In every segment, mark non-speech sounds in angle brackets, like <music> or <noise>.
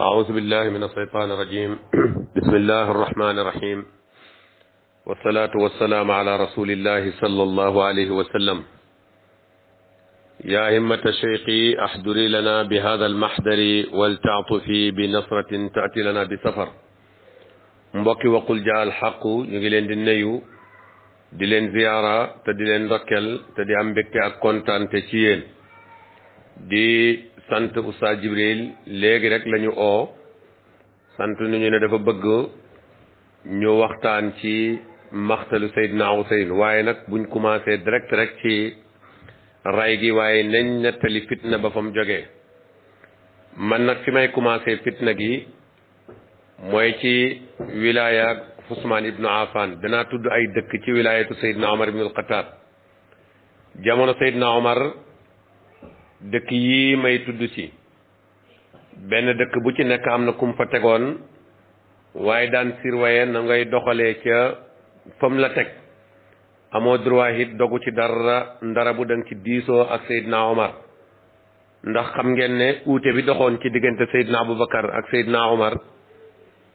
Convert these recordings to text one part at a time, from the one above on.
أعوذ بالله من الشيطان الرجيم بسم الله الرحمن الرحيم والصلاة والسلام على رسول الله صلى الله عليه وسلم يا همة شيخي أحضري لنا بهذا المحضر ولتعطفي بنصرة تأتي لنا بسفر mbokki waqul jaal xaqu ñu ngi leen di nuyu di leen ziyaara te di leen ndokkeel te di am mbégte ak kontaante ci yéen di sant Oustaz Jibril léegi rek lañu o sant nañu ne dafa bëgg ñu waxtaan ci maxtalu Seydina Ousseyn waaye nag buñ commencé direct rek ci ray gi waaye nañ nettali fitna ba fa mu jógee man nag fi may commencé fitna gi mooy ci wilaaya Usmaan ibnu Affan danaa tudd ay dëkk ci wilaayatu Seydina Omar ibnul Xataab jamono Seydina Omar dëkk yi may tudd ci benn dëkk bu ci nekk am na kum fa tegoon waaye daan sirwaye na ngay doxalee ca fam la teg amoo droit it dogu ci dara ndara bu dang ci diisoo ak Seydina Omar ndax xam ngeen ne uute bi doxoon ci diggante Seydina Aboubacar ak Seydina Omar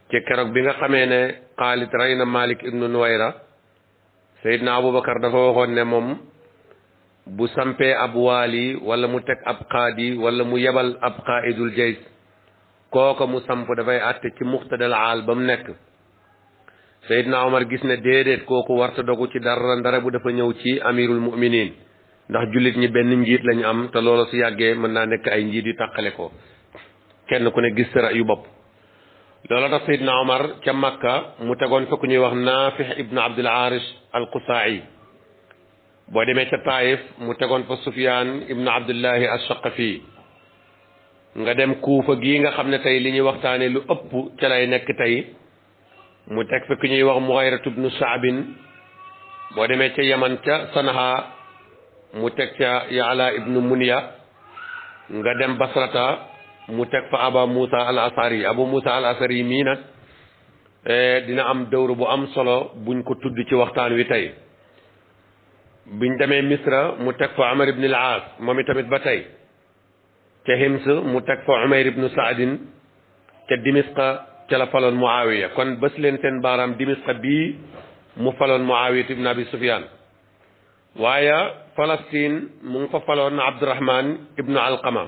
ci keroog bi nga xamee ne Xaalid rey na Malik ibnu Nuwayra Seydina Aboubacar dafa waxoon ne moom bu sampee ab waali wala mu teg ab qaadi wala mu yebal ab qaidul jays kooko mu samp dafay àtte ci muxtadal aal ba mu nekk Seydina Omar gis ne déedéet kooku warta dogu ci dara ndara bu dafa ñëw ci amirul mu'minin ndax jullit ñi benn njiit lañu am te loolu su yàggee mën naa nekk ay njiit yu tàqale ko kenn ku ne gis sara yu bopp loola tax Seydina Omar ca Makka mu tegoon fa ku ñuy wax Naafix ibnu Abdul Aarish al Qusaa'i boo demee ca taif mu tegoon fa sufyaan ibnu abdullahi as-saqafi nga dem kuufa gii nga xam ne tey li ñuy waxtaane lu ëpp ca lay nekk tey mu teg fa ki ñuy wax muxayratu bnu saabin boo demee ca yaman ca sanha mu teg ca yaala ibnu munya nga dem basrata mu teg fa aba musa al asari abu musa al asari mii nag eh, dina am dawru bu am solo buñ ko tudd ci waxtaan wi tey biñ demee misra mu teg fa amar ibn al aas moom itamit ba tey ca hims mu teg fa umayr ibn saadin ca dimisqa ca la faloon muawiya kon bés leen seen baaraam dimisqa bii mu faloon muawiya ibn abi sufyaan waaye falastin mu ngi fa faloon abdurahman ibn alqama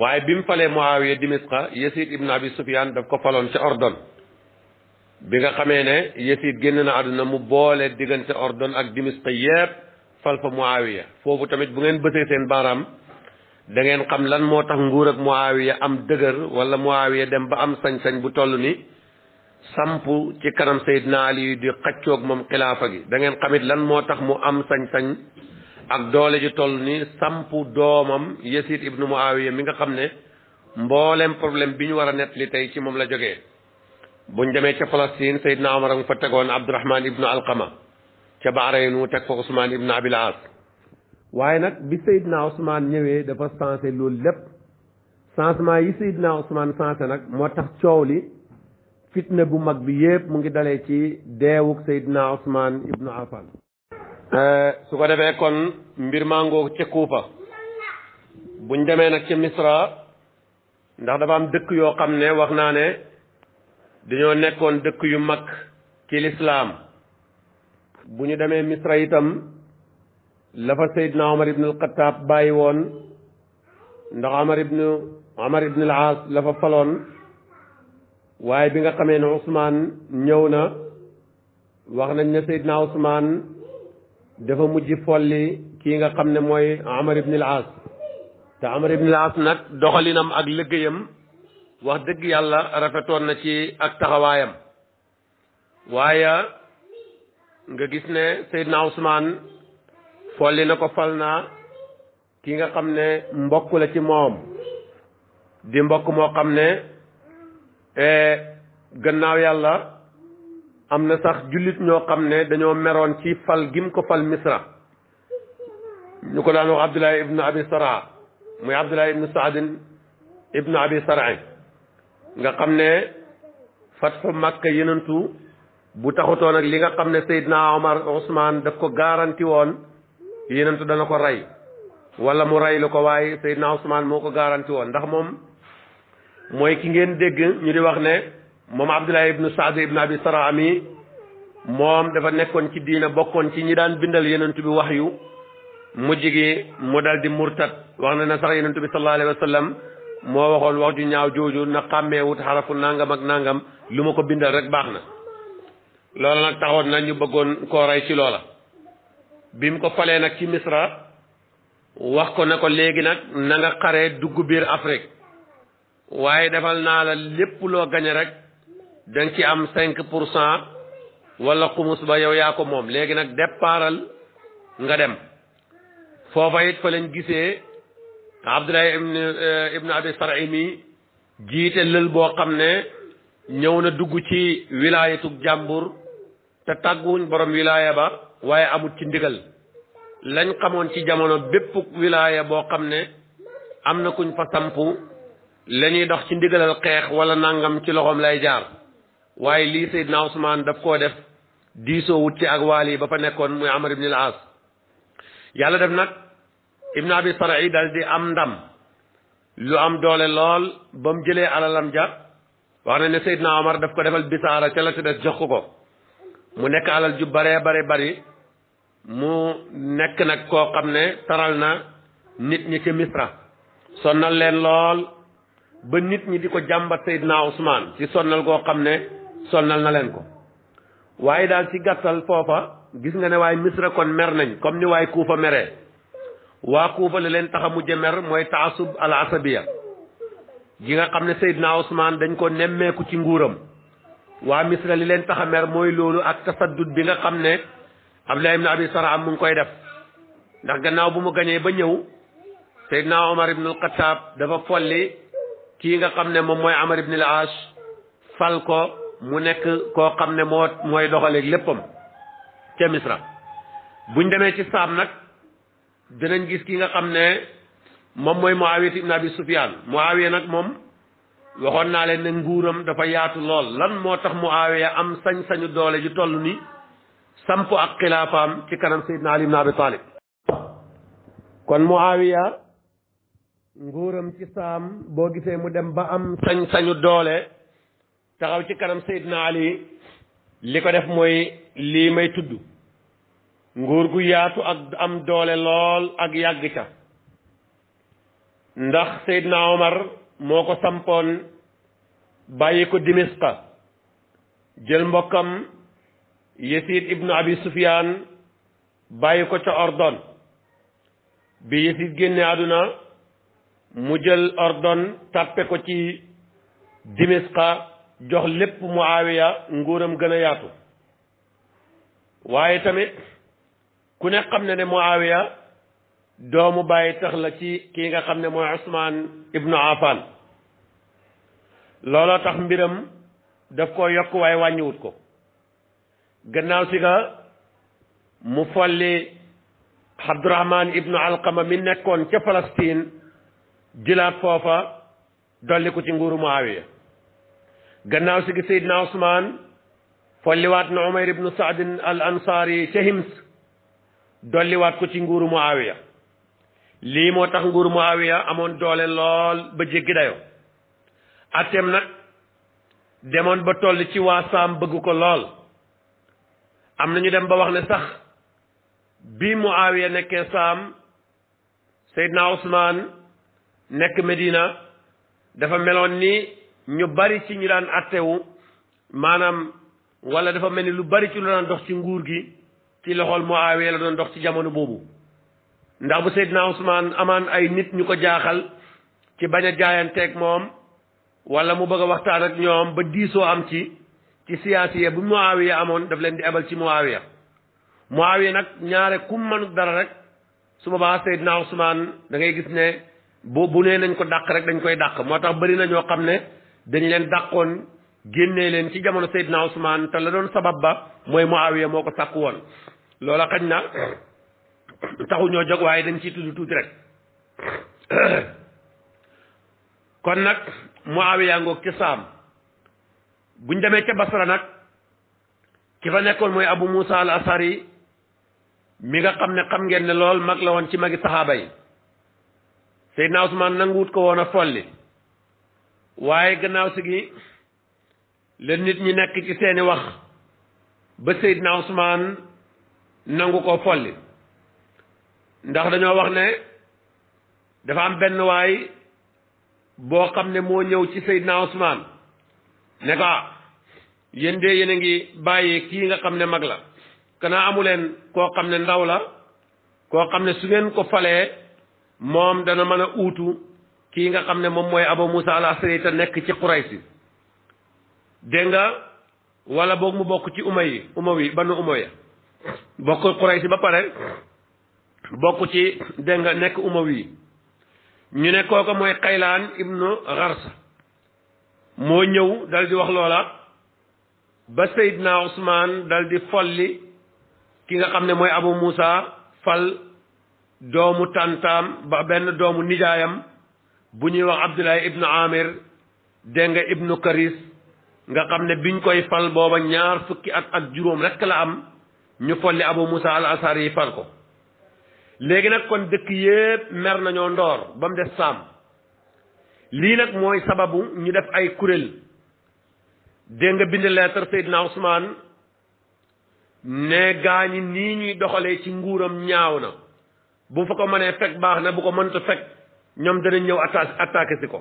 waaye bi mu falee muawiya dimisqa yasid ibn abi sufyaan daf ko faloon ca ordon bi nga xamee ne Yasiid génn na àdduna mu boole diggante Ordon ak Dimishq yépp fal fa Muawiya foofu tamit bu ngeen bësee seen baaraam da ngeen xam lan moo tax nguur ak mu Muawiya am dëgër wala Muawiya dem ba am sañ-sañ bu toll ni samp ci kanam Seydina Ali di xaccoog moom xilaafa gi da ngeen xamit lan moo tax mu am sañ-sañ ak doole ji toll ni samp doomam Yasiid ibnu Muawiya mi nga xam ne mboolem problème bi ñu war a nettali tey ci moom la jógee buñ demee ca Palestine Seydina Omar am fa tegoon Abdurahman ibnu Alqama ca Bahrayn mu teg fa Ousmane ibnu Abil As waaye nag bi Seydina Ousmane ñëwee dafa sensé loolu lépp changement yi Seydina Ousmane sensé nag moo tax coow li fitna bu mag bi yépp mu ngi dalee ci deewuk Seydina Ousmane ibnu Affan euh, su ko defee kon mbir màngook ca Kuufa buñ demee nag ci Misra ndax dafa am dëkk yoo xam ne wax naa ne dañoo nekkoon dëkk yu mag ci lislaam bu ñu demee misra itam la fa seydna omar ibn xataab bàyyi woon ndax omar ibnu omar ibn al aas la fa faloon waaye bi nga xamee ne ousmaan ñëw na wax nañ ne seydna dafa mujj folli kii nga xam ne mooy omar ibn al te omar ibn al aas nag doxalinam ak liggéeyam wax dëgg yàlla rafetoon na ci ak taxawaayam waaye nga gis ne Seydina Ousmane folli na ko fal ki nga xam ne mbokk la ci moom di mbokk moo xam ne e, gannaaw yàlla am na sax jullit ñoo xam ne dañoo meroon ci fal gim ko fal misra ñu ko daan wax Abdullah ibnu abi Saraa muy Abdullah ibnu Saadin ibnu abi Saraa nga xam ne fatxu makka yenentu bu taxutoon ak li nga xam ne Seydina Omar Ousmane daf ko garanti woon yenentu dana ko rey wala mu rey lu ko waaye Seydina Ousmane moo ko garanti woon ndax moom mooy ki ngeen dégg ñu di wax ne moom Abdullah ibnu Saad ibnu Abi Saraa mi moom dafa nekkoon ci diina bokkoon ci ñi daan bindal yenentu bi wax yu mu gi mu dal di murtat wax na ne sax yenentu bi sallallahu alayhi moo waxoon wax ju ñaaw jooju na xàmmeewut xarafu nàngam ak nangam lu ma ko bindal rek baax na loola nag taxoon na ñu bëggoon koo rey ci loola bi mu ko falee nag ci misra wax ko ne ko léegi nag nanga nga xaree dugg biir Afrique waaye defal naa la lépp loo gañe rek da ci am cinq pour cent walla xumus ba yow yaa ko moom léegi nag départal nga dem foofa it fa lañ gisee Abdoulaye ibn eh, ibn Abi Sar'i mi jiite lël boo xam ne ñëw na dugg ci wilaayatu jàmbur te tàgguwuñ borom wilaaya ba waaye amut ci ndigal lañ xamoon ci jamono bépp wilaaya boo xam ne am na kuñ fa sampu la ñuy dox ci ndigalal xeex wala nangam ci loxoom lay jaar waaye lii Seydina Ousmane daf koo def diisoo wut ci ak waal yi ba fa nekkoon muy Amar ibn al yàlla def nag bi abi sarai dal di am ndam lu am doole lool ba mu jëlee alalam ja wax na ne Seydina Omar daf ko defal bisaara ca la ci des jox ko ko mu nekk alal ju baree bare bari mu nekk nag koo xam ne taral na nit ñi ci Misra sonnal leen lool ba nit ñi di ko jàmbat Seydina Ousmane ci sonnal koo xam ne sonnal na leen ko waaye daal ci gàttal foofa gis nga ne waaye Misra kon mer nañ comme ni waaye Kuufa meree waa Kuufa la leen tax a mujj mooy taasub al asabiya gi nga xam ne Seydina Ousmane dañ ko nemmeeku ci nguuram waa Misra li leen taxamer mooy loolu ak tasaddud bi nga xam ne Abdullah ibn Abi Sarham mu ngi koy def ndax gannaaw bu mu gañee ba ñëw Seydina Omar ibn al dafa folli kii nga xam ne moom mooy Amar ibn al fal ko mu nekk koo xam ne moo mooy doxaleeg léppam ca Misra buñ demee ci Saam nag. dinañ gis ki nga xam ne moom mooy Muawiya ibn mu Sufyan Muawiya nag moom waxoon naa leen ne nguuram dafa yaatu lool lan moo tax mu Muawiya am sañ-sañu doole ju toll nii samp ak xilaafaam ci kanam Seydina Ali ibn Abi Talib kon Muawiya nguuram ci saam boo gisee mu dem ba am sañ-sañu doole taxaw ci kanam Seydina Ali li ko def mooy lii may tudd nguur gu yaatu ak am doole lool ak yàgg ca ndax Seydina Omar moo ko sampoon bàyyi ko Dimisqa jël mbokkam Yesid ibnu Abi Sufyaan bàyyi ko ca Ordon bi Yesid génne àdduna mu jël Ordon tàppe ko ci Dimisqa jox lépp Muawiya nguuram gën a yaatu waaye tamit ku ne xam na ne Muawiya doomu bàyyi tax la ci kii nga xam ne mooy Usmaan ibnu Affan looloo tax mbiram daf ko yokk waaye wàññiwut ko gannaaw si nga mu folli Abdurahman ibnu Alqama mi nekkoon ca Palestine jëlaat foofa dolli ko ci nguuru Muawiya gannaaw si gi Seydina Usmaan folliwaat na Umayr ibnu Saadin al Ansaari ca Hims dolliwaat ko ci nguuru Muawiya lii moo tax nguuru Muawiya amoon doole lool ba jéggi dayoo atem nag demoon ba toll ci waa saam bëgg ko lool am na ñu dem ba wax ne sax bi Muawiya nekkee saam Seydina Ousmane nekk Medina dafa meloon ni ñu bari ci ñu daan attewu maanaam wala dafa mel ni lu bari ci lu daan dox ci nguur gi ci loxol Muawiya la doon dox ci jamono boobu ndax bu Seydina Ousmane amaan ay nit ñu ko jaaxal ci bañ a jaayanteeg moom wala mu bëgg a waxtaan ak ñoom ba diisoo am ci ci siyaasiya bu Muawiya amoon daf leen di ebal ci Muawiya Muawiya nag ñaare kum mënut dara rek su boobaa Seydina Ousmane da ngay gis ne bu bu nee nañ ko dàq rek dañ koy dàq moo tax bëri na ñoo xam ne dañ leen dàqoon génnee leen ci jamono Seydina Ousmane te la doon sabab ba mooy Muawiya moo ko sàkk woon loola xañ na taxu ñoo jóg waaye dañ ciy tudd tuuti rek kon nag Muawiya ngoog ca Saam buñ demee ca Basra nag ki fa nekkoon mooy Abu Moussa al Asari mi nga xam ne xam ngeen ne lool mag la woon ci magi saxaaba yi Seydina Ousmane nanguwut ko woon a folli waaye gannaaw si gi la nit ñi nekk ci seeni wax ba Seydina Ousmane nangu ko folli ndax dañoo wax ne dafa am benn waay boo xam ne moo ñëw ci Seydina Ousmane ne ko yéen de yéen a ngi bàyyi kii nga xam ne mag la kanaa amuleen koo xam ne ndaw la koo xam ne su ngeen ko falee moom dana mën a uutu kii nga xam ne moom mooy Abu Musa al-Ash'ari te nekk ci Quraysh dégg nga wala boog mu bokk ci uma yi uma wi banu uma ya bokk Quraysh ba pare bokk ci dégg nga nekk uma wi ñu ne kooka mooy Xaylaan ibnu Xarsa moo ñëw dal di wax loola ba Seydina Ousmane dal di folli ki nga xam ne mooy Abu Moussa fal doomu tàntam ba benn doomu nijaayam bu ñuy wax Abdullahi ibnu Amir dégg nga ibnu Karis nga xam ne biñ koy fal booba ñaar fukki at ak juróom rekk la am ñu folli abu musa al asar yi fal ko léegi nag kon dëkk yépp mer nañoo ndoor ba mu def saam lii nag mooy sababu ñu def ay kuréel dégg nga bind lettre Seydina Ousmane ne gaa ñi ni ñuy doxalee ci nguuram ñaaw na bu fa ko mënee fekk baax na bu ko mënta fekk ñoom danañ ñëw attaqué si ko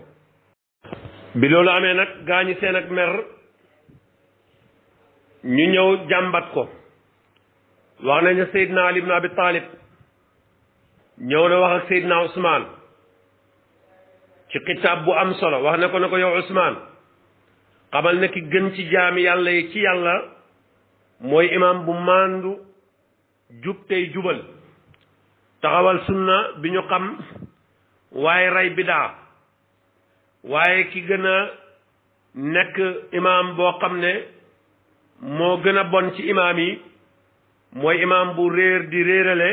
bi loolu amee nag gaañi seen ak mer ñu ñëw jàmbat ko wax nañ ne Seydina Ali ibn Abi Talib ñëw na wax ak Seydina Ousmane ci xitaab bu am solo wax ne ko ne ko yow Ousmane xamal ne ki gën ci jaami yàlla yi ci yàlla mooy imaam bu màndu jub tey jubal taxawal sunna bi ñu xam waaye rey bidaa waaye ki gën a nekk imaam boo xam ne moo gën a bon ci imaam yi mooy imaam bu réer di réerale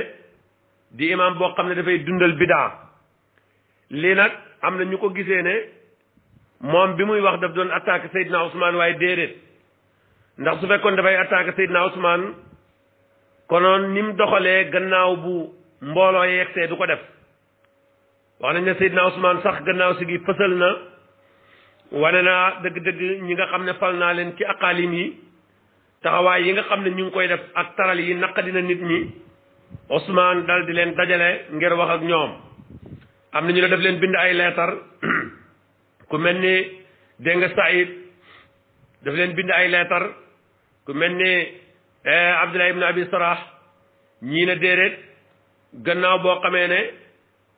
di imaam boo xam ne dafay dundal bidaa lii nag am na ñu ko gisee ne moom bi muy wax daf doon attaqué Seydina Ousmane waaye déedéet ndax su fekkoon dafay attaqué Seydina Ousmane konoon ni mu doxalee gannaaw bu mbooloo yegsee du ko def wax nañ ne Seydina Ousmane sax gannaaw si gi fësal na wane naa dëgg-dëgg ñi nga xam ne fal naa leen ci aqaalim yi taxawaay yi nga xam ne ñu ngi koy def ak taral yi naq dina nit ñi Ousmane dal di leen dajale ngir wax ak ñoom am na ñu ne def leen bind ay leetar <clears throat> ku mel ni dégg nga Saïd daf leen bind ay leetar ku mel ni eh, Abdullah ibn Abi Sarah ñii ne déedéet gannaaw boo xamee ne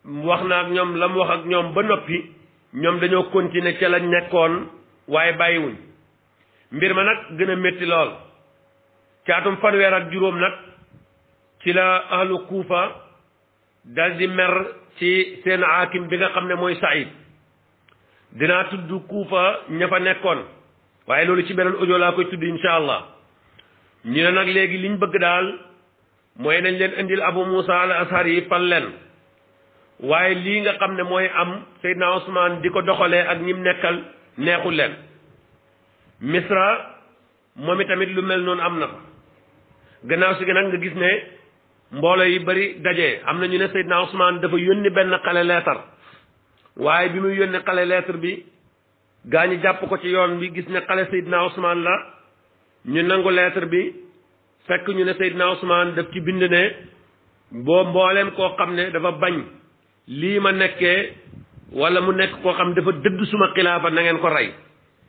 wax na ak ñoom la mu wax ak ñoom ba noppi ñoom dañoo continuer ca lañ nekkoon waaye bàyyiwuñ mbir ma nag gën a métti lool caatum fanweer ak juróom nag ci la ahlu kuufa dal di mer ci seen aakim bi nga xam ne mooy Saïd dinaa tudd kuufa ña fa nekkoon waaye loolu ci beneen audio laa koy tudd insha allah ñu ne nag léegi liñ bëgg daal mooy nañ leen indil abu musa al ashari fal leen waaye lii nga xam ne mooy am Seydina Ousmane di ko doxalee ak ñim nekkal neexul leen Misra moom itamit lu mel noonu am na fa gannaaw si nag nga gis ne mboolo yi bari daje am na ñu ne Seydina Ousmane dafa yónni benn xale leetar waaye bi muy yónni xale leetar bi gaa ñi jàpp ko ci yoon bi gis ne xale Seydina Ousmane la ñu nangu leetar bi fekk ñu ne Seydina Ousmane daf ci bind ne boo mbooleem koo xam ne dafa bañ lii ma nekkee wala mu nekk koo xam dafa dëdd suma xilaafa na ngeen ko rey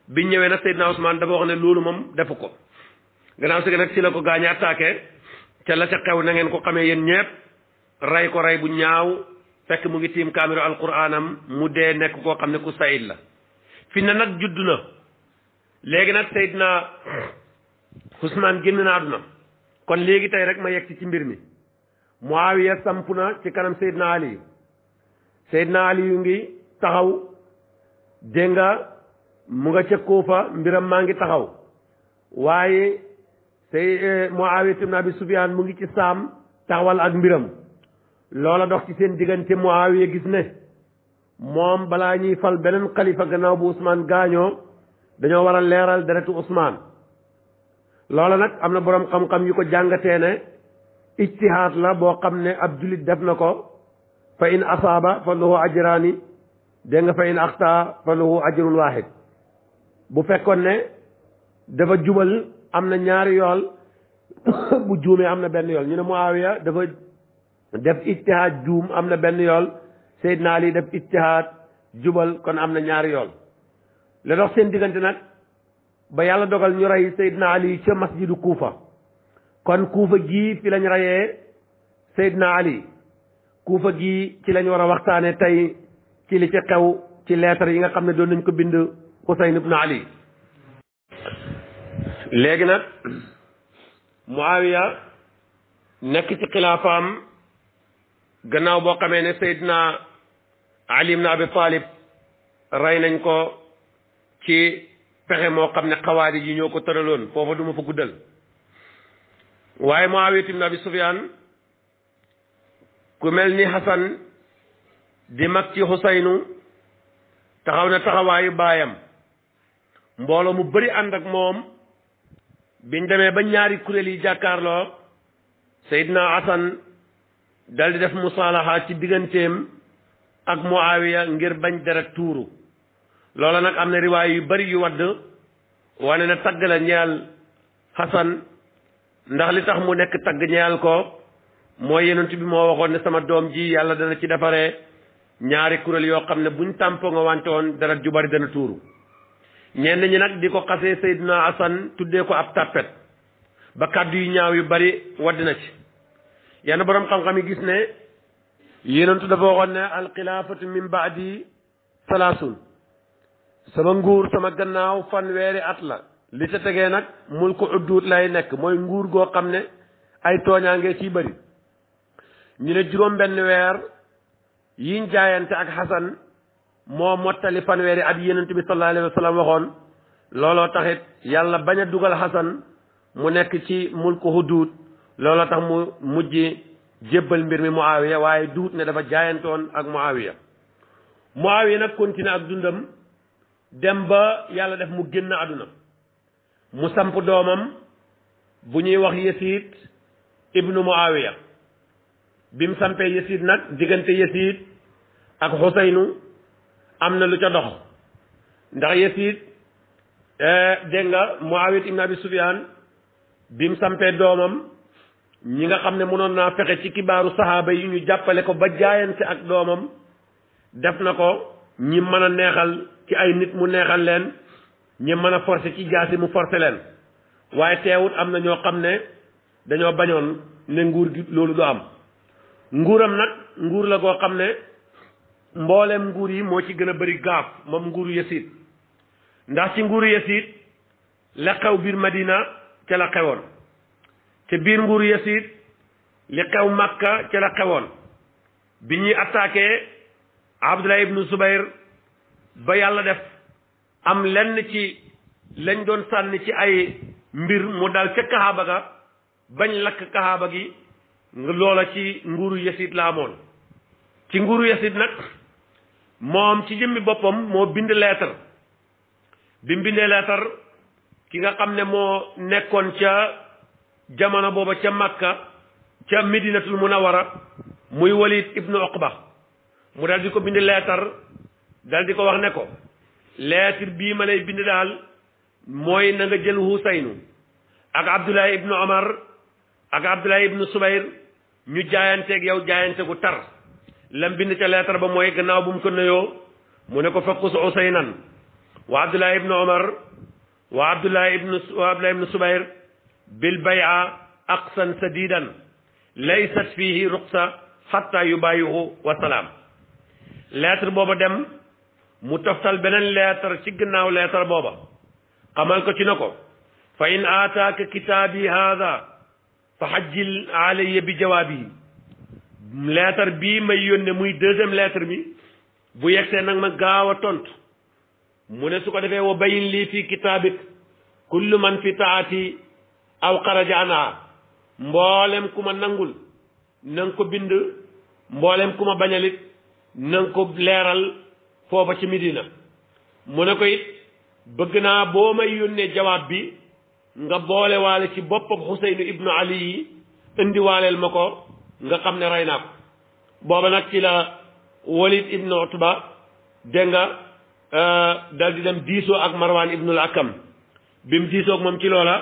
biñ ñëwee nag Seydina Ousmane dafa wax ne loolu moom defu ko gannaaw si nag si la ko gaañ attaqué ca la ca xew na ngeen ko xamee yéen ñëpp rey ko rey bu ñaaw fekk mu ngi tiim kaamiru alquraanam mu dee nekk koo xam ne ku sayid la fi na nag judd na léegi nag naa Ousmane génn na àdduna kon léegi tey rek ma yegg ci ci mbir mi Muawiya samp na ci kanam naa Ali Seydina Ali yu ngi taxaw dégg nga mu nga ca Kuufa mbiram maa ngi taxaw waaye say eh, Muawiya ibn Abi Sufyaan mu ngi ci saam taxawal ak mbiram loola dox ci seen diggante Muawiya gis ne moom balaa ñuy fal beneen xalifa gannaaw bu Ousmane gaañoo dañoo war a leeral deretu Ousmane loola nag am na boroom xam-xam yu ko jàngatee ne ijtihaad la boo xam ne ab jullit def na ko fa in asaaba fa lahu ajraani dégg fa in axtaa fa lahu ajrun waahid bu fekkoon ne dafa jubal am na ñaari yool <coughs> bu juumee am na benn yool ñu ne Muawiya dafa def ijtihaad juum am na benn yool Seydina Ali def ijtihaad jubal kon am na ñaari yool la dox seen diggante nag ba yàlla dogal ñu rey Seydina Ali ca masjidu Kuufa kon Kuufa gii fi lañ reyee Seydina Ali kuufa gi ci lañu war a waxtaane tey ci li ci xew ci leetar yi nga xam ne doon nañ ko bind Husayn ibn Ali léegi nag Muawiya nekk ci xilaafaam gannaaw boo xamee ne Seydina Ali ibn Abi Talib rey nañ ko ci pexe moo xam ne xawaari yi ñoo ko tëraloon foofa duma ma fa guddal waaye Muawiya ibn Abi Sufyaan ku mel ni Xasan di mag ci Xusaynu taxaw na taxawaayu baayam mbooloo mu bari ànd ak moom biñ demee ba ñaari kuréel yi jàkkaarloo Seydina Xasan dal di def musaalaxa ci digganteem ak mu Muawiya ngir bañ deret tuuru loola nag am na riwaay yu bari yu wadd wane na tagg la ñeel Xasan ndax li tax mu nekk tagg ñeel ko mooy yonent bi moo waxoon ne sama doom ji yàlla dana ci defaree ñaari kuréel yoo xam ne buñ tàmpoo nga wante woon dara ju bari dana tuuru ñenn ñi nag di ko xasee Seydina Asan tuddee ko ab tàppet ba kàddu yu ñaaw yu bari wadd na ci yenn boroom xam-xam yi gis ne yonentu dafa waxoon ne alxilaafatu min baadi sama nguur sama gannaaw fanweeri at la li ca tegee nag mul ko udduut lay nekk mooy nguur goo xam ne ay tooñaangee ciy bëri ñu ne juróom benn weer yiñ jaayante ak xasan moo mottali fanweeri at yenent bi sallallahu waxoon looloo taxit yàlla bañ a dugal xasan mu nekk ci mulku hudud looloo tax mu mujj jébbal mbir mi mu muawiya waaye duut ne dafa jaayantoon ak muawiya muawiya nag continué ak dundam dem ba yàlla def mu génn àdduna mu samp doomam bu ñuy wax yasiit ibnu muawiya bi mu sampee Yasid nag diggante Yasid ak Xuseynu am na lu ca dox ndax Yasid eh, dégg nga Muawit ibn Abi Sufyaan bi mu sampee doomam ñi nga xam ne mënoon naa fexe ci kibaaru saxaaba yi ñu jàppale ko ba jaayante ak doomam def na ko ñi mën a neexal ci ay nit mu neexal leen ñi mën a forcer ci yi mu forcer leen waaye teewut am na ñoo xam ne dañoo bañoon ne nguur gi loolu du am nguuram nag nguur la goo xam ne mboolem nguur yi moo ci gën a bari gaaf moom nguur Yasid ndax ci nguur Yasid la xew biir Madina ca la xewoon ca biir nguur Yasid li xew Makka ca la xewoon bi ñuy attaqué Abdullah ibnu Zubayr ba yàlla def am lenn ci lañ doon sànni ci ay mbir mu daal ca kaxaaba ga bañ lakk kaxaaba gi loola ci nguuru Yasid la amoon ci nguuru Yasid nag moom ci jëmmi boppam moo bind leetar bi mu bindee leetar ki nga xam ne moo nekkoon ca jamono booba ca Makka ca Medinatul Munawara muy Walid ibnu Oqba mu dal di ko bind leetar dal di ko wax ne ko leetar bii ma lay bind daal mooy na nga jël Husaynu ak Abdullah ibnu Omar ak Abdullah ibnu Subayr ñu jaayanteeg yow jaayante gu tar lam bind ca leetar ba mooy gannaaw bu mu ko yoo mu ne ko faqus usaynan wa abdullah ibnu omar wa abdullah ibnu wa abdullah ibnu bay'a aqsan sadidan laysat fihi ruqsa xatta yubayihu wa leetar booba dem mu toftal beneen leetar ci gannaaw leetar booba xamal ko ci na ko fa kitaabi haada fa xajjil alayya bi jawaab yi lettre bii may yónnee muy deuxième lettre bi bu yegsee nag ma gaaw a tontu mu ne su ko defee wa bayin lii fii kitaabik kullu man fi taati aw xaraja mboolem ku ma nangul na ko bind mboolem kuma ma bañalit na ko leeral foofa ci Medina mu ne ko bëgg naa boo may yónnee jawaab bi nga boole waale ci boppam xuseynu ibnu ali indi waaleel ma ko nga xam ne rey booba nag ci la walid ibnu utba dégg nga euh, dal di dem diisoo ak marwaan ibnul akam bi mu diisoo ak moom ci loola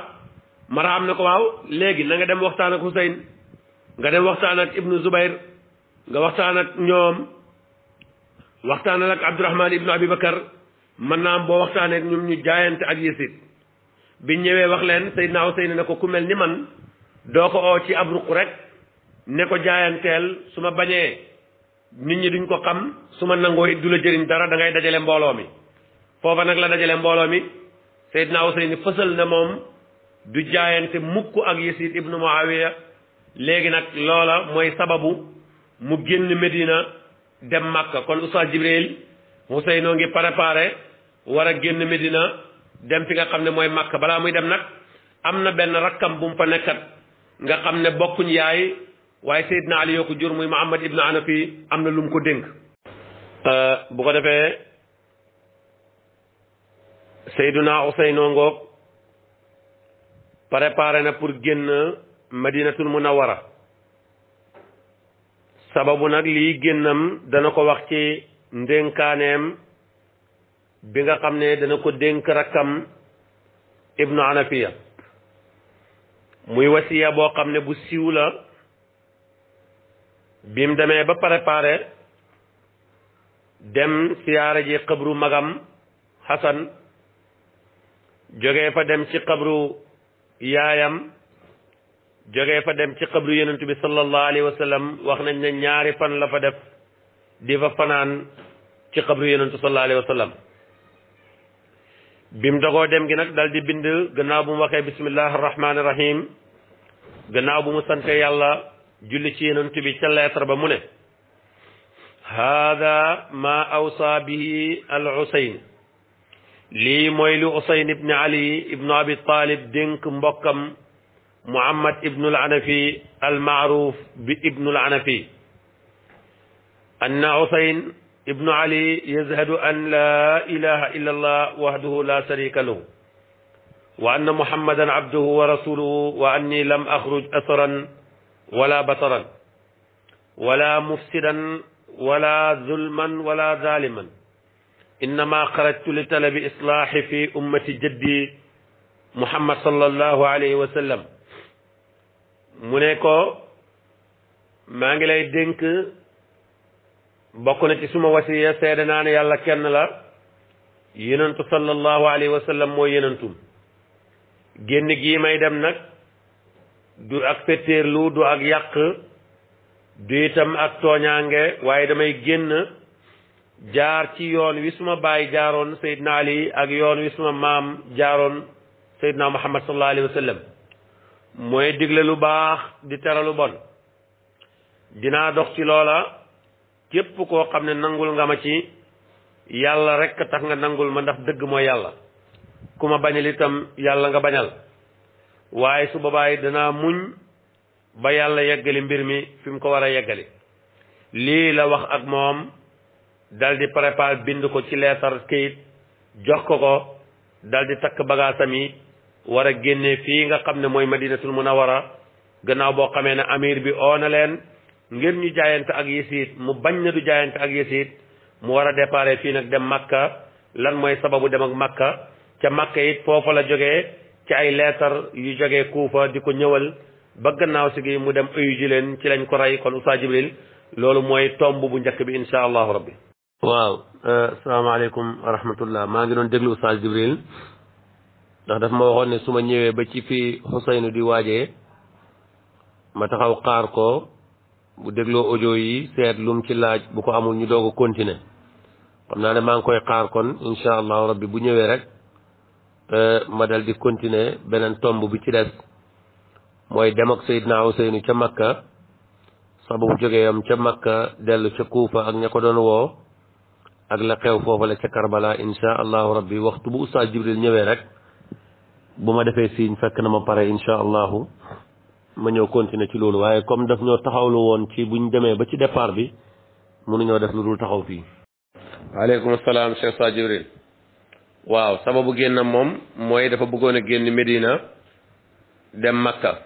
maraam na ko waaw léegi na nga dem waxtaan ak xuseyn nga dem waxtaan ak ibnu zubayr nga waxtaan ak ñoom waxtaanal ak abdurahmaan ibnu abi bakar mën naa am boo waxtaanee ak ñoom ñu jaayante ak yësit bi ñëwee wax leen Seydina Useyni ne ko ku mel ni man doo ko oo ci ab ruq rek ne ko jaayanteel su ma bañee nit ñi duñ ko xam su ma nangoo it du la jëriñ dara dangay ngay dajale mbooloo mi foofa nag la dajale mbooloo mi Seydina Useyni fësal na moom du jaayante mukk ak Yasid ibnu Muawiya léegi nag loola mooy sababu mu génn Medina dem Makka kon Oustaz Jibril Ousseynou ngi préparé war a génn Medina dem fi nga xam ne mooy màkk balaa muy dem nag am na benn rakkam bu mu fa nekkat nga xam ne bokkuñ yaay waaye Seydina Ali yoo ko jur muy Muhammad ibn Hanafi am na lu mu ko dénk euh, bu ko defee Seydina Useynu ngoog préparé na pour génn Madinatul wara sababu nag lii génnam dana ko wax ci ndénkaaneem bi nga xam ne dana ko dénk rakkam ibnu anafiya muy wasiya boo xam ne bu siw la bim demee ba pare pare dem siyaare ji xabru magam Xasan jógee fa dem ci xabru yaayam jógee fa dem ci xabru yonent bi sallallahu alayhi wax nañ ne ñaari fan la fa def di fa fanaan ci xabru yonent sallallahu alayhi bi mu dogoo dem gi nag dal di bind gannaaw bu mu waxee bisimillahi rahmaani rahim gannaaw bu mu sante yàlla julli ci yonent bi ca lettre ba mu ne haada ma awsa bihi al usayn lii mooy lu usayn ibni ali ibnu abi talib dénk mbokkam muhammad ibnul anafi al maaruf bi ibnul anafi anna usayn ibnu ali yashadu an la ilaha illa allah wahdahu la sharika lahu wa anna muhammadan abduhu wa rasuluhu wa anni lam axruj asaran wala bataran wala mufsidan wala zulman wala zaliman innama xarajtu li talabi islaahi fi ummati jaddi muhammad sallallahu alayhi wa sallam mu ne ko maa ngi lay dénk bokk na ci suma wasiya seede naa ne yàlla kenn la yenentu sallallahu alayhi wa mooy yenentum génn gii may dem nag du ak fetteerlu du ak yàq du itam ak tooñaange waaye damay génn jaar ci yoon wi suma baay jaaroon Seydina Ali ak yoon wi suma maam jaaroon Seydina Muhammad sallallahu alayhi wa mooy digle lu baax di tere bon dinaa dox ci loola képp koo xam ne nangul nga ma ci yàlla rek tax nga nangul ma ndax dëgg mooy yàlla ku ma bañal itam yàlla nga bañal waaye su boobaa danaa muñ ba yàlla yeggali mbir mi fi mu ko war a yeggali lii la wax ak moom daldi di préparé bind ko ci leetar kayit jox ko ko dal di takk bagaasam yi wara a génnee fii nga xam ne mooy madinatul munawara gannaaw boo xamee ne amir bi oo na leen ngir ñu jaayante ak yësiit mu bañ na du jaayante ak yësiit mu war a déparé fii nag dem Makka lan mooy sababu dem ak Makka ca Makka it foofa la jógee ci ay leetar yu joge Kuufa di ko ñëwal ba gannaaw si gi mu dem uyu ji leen ci lañ ko rey kon Oustaz Jibril loolu mooy tomb bu njëkk bi insha allahu rabbi waaw euh, asalaamaaleykum wa rahmatullah maa ngi doon déglu Oustaz Jibril ndax daf ma waxoon ne su ma ñëwee ba ci fii Xuseynu di waajee ma taxaw xaar bu dégloo audio yi seet lum ci laaj bu ko amul ñu doog continé xam naa ne maa ngi koy xaar kon incha allahu rabbi bu ñëwee rek e, ma dal di continuer beneen tomb bi ci des mooy dem ak Seydina Ousseynou ca Makka sababu jógeeyam ca Makka dellu ca Kuufa ak ña ko doon woo ak la xew foofu la ca Karbala incha allahu rabbi waxtu bu Oustaz Jibril ñëwee rek bu ma defee siiñ fekk na ma pare incha allahu ma ñëw continuer ci loolu waaye comme daf ñoo taxawlu woon ci buñ demee ba ci départ bi mënuñoo def lu dul taxaw fii. waaleykum salaam Cheikh Sa Jibril waaw sababu génnam moom mooy dafa buggoon a génn Medina dem Makka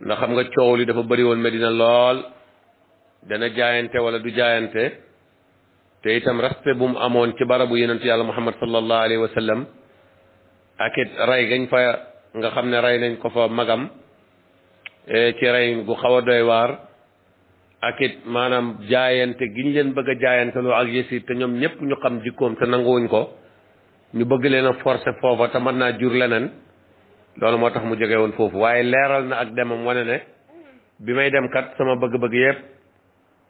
ndax xam nga coow li dafa bëri woon Medina lool dana jaayante wala du jaayante te itam respect bu mu amoon ci barabu yonent yàlla Muhammad sallallahu alayhi wa sallam ak it rey fa nga xam ne rey nañ ko fa magam. Eh, ci rey gu xaw a doy waar ak it maanaam jaayante gi ñu leen bëgg a jaayanteloo ak Yasiid te ñoom ñëpp ñu xam jikkoom te nanguwuñ ko ñu bëgg leen a foofa te mën naa jur leneen loolu moo tax mu jóge woon foofu waaye leeral na ak demam wane ne bi may dem kat sama bëgg-bëgg yépp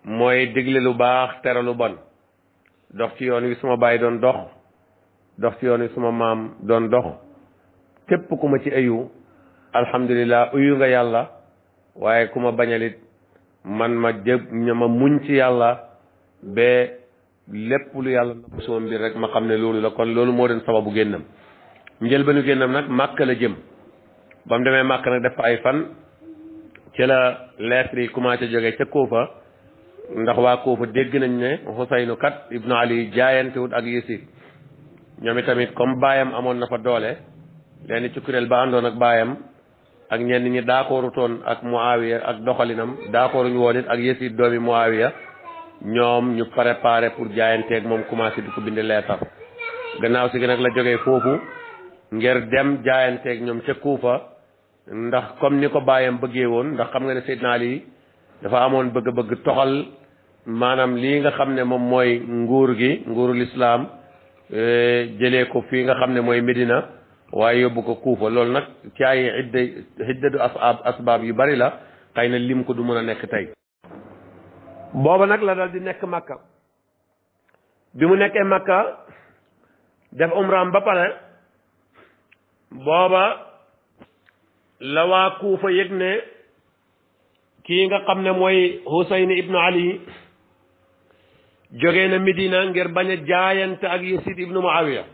mooy digle lu baax tere lu bon dox ci yoon wi suma baay doon dox dox ci yoon wi suma maam doon dox képp ku ci ayu alhamdulilah uyu nga yàlla waaye ku ma bañalit man ma jëb ma muñ ci yàlla ba lépp lu yàlla namm sama mbir rek ma xam ne loolu la kon loolu moo doon sababu génnam njëlbeenu génnam nag màkk la jëm ba mu demee màkk nag def fa ay fan ci la lettre yi commencé jóge ca Kóofa ndax waa Kóofa dégg nañ ne Xusaynu kat ibnu Ali jaayantewut ak Yésib ñoom itamit comme baayam amoon na fa doole leen ci kuréel ba àndoon ak baayam ak ñeen ñi d'accordu toon ak Muawiya ak doxalinam d'accorduñu woon it ak Yasiid doomi Muawiya ñoom ñu préparé pour jaayanteek moom commencé di ko bind leetar gannaaw si gi nag la jogee foofu ngir dem jaayanteek ñoom ca Kuufa ndax comme ni ko baayam bëggee woon ndax xam nga ne Seydina lii dafa amoon bëgg-bëgg toxal maanaam lii nga xam ne moom mooy nguur gi nguurul islaam eh, jëlee ko fii nga xam ne mooy Medina waaye yóbbu ko kuufa loolu nag ci ay idda iddatu asbaab asbaab yu bari la xëy na lim ko du mën a nekk tey booba nag la dal di nekk makka bi mu nekkee makka def umraam ba pare booba la waa kuufa yëg ne kii nga xam ne mooy Husayn ibnu Ali jógee na Medina ngir bañ a jaayante ak Yasid ibnu Muawiya